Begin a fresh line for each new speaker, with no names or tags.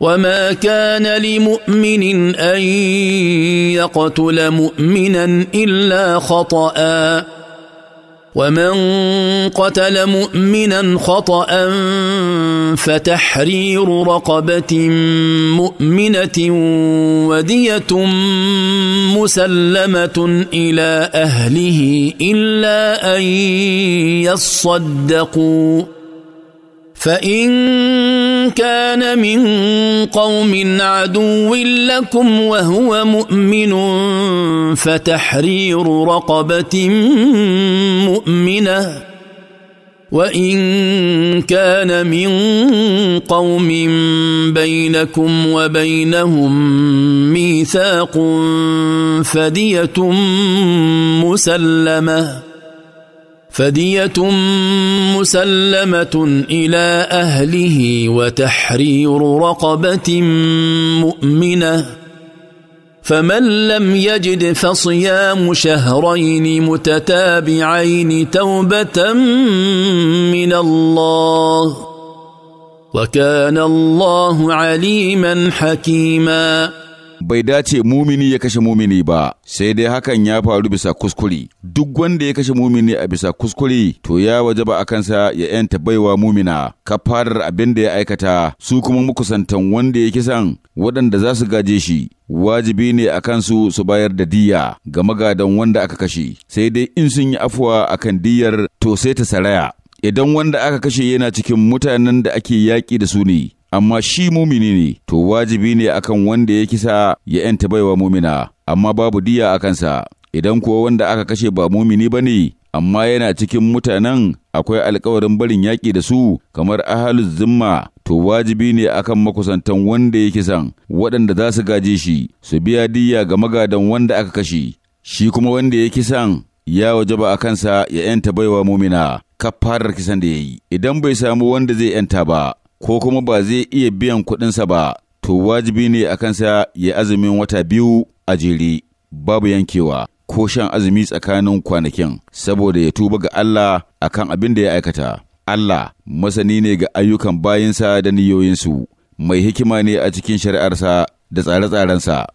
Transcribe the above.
وما كان لمؤمن ان يقتل مؤمنا الا خطأ ومن قتل مؤمنا خطأ فتحرير رقبة مؤمنة ودية مسلمة إلى أهله إلا أن يصدقوا فإن كان من قوم عدو لكم وهو مؤمن فتحرير رقبه مؤمنه وان كان من قوم بينكم وبينهم ميثاق فديه مسلمه فدية مسلمة إلى أهله وتحرير رقبة مؤمنة فمن لم يجد فصيام شهرين متتابعين توبة من الله وكان الله
عليما حكيما bai dace mumini ya kashe mumini ba sai dai hakan ya faru bisa kuskure duk wanda ya kashe mumini a bisa kuskure to ya waje ba a kansa ya yanta baiwa mumina kafarar abin da ya aikata su kuma mukusantan wanda ya kisan waɗanda za su gaje shi wajibi ne a kansu su bayar da diya ga magadan wanda aka kashe sai dai in sun yi afuwa akan diyar to sai ta saraya idan wanda aka kashe yana cikin mutanen da ake yaƙi da su ne amma shi mumini ne, to wajibi ne akan wanda ya kisa ya ‘yanta baiwa mumina, amma babu diya a kansa, idan kuwa wanda aka kashe ba mumini ba ne, amma yana cikin mutanen akwai alkawarin barin yaƙi da su kamar ahalus zimma to wajibi ne akan makusantan wanda ya kisan waɗanda za su gaje shi su biya diya ga magadan wanda aka kashe shi kuma wanda ya kisan ya wajaba a kansa ya ‘yanta baiwa mumina kafarar kisan da ya yi idan bai samu wanda zai ‘yanta ba ko kuma ba zai iya biyan kuɗinsa ba, to wajibi ne a kansa ya azumin wata biyu a jere, babu yankewa, ko shan azumi tsakanin kwanakin, saboda ya tuba ga Allah a kan abin da ya aikata. Allah masani ne ga ayyukan bayinsa da niyoyinsu, mai hikima ne a cikin shari'arsa da tsare-tsarensa.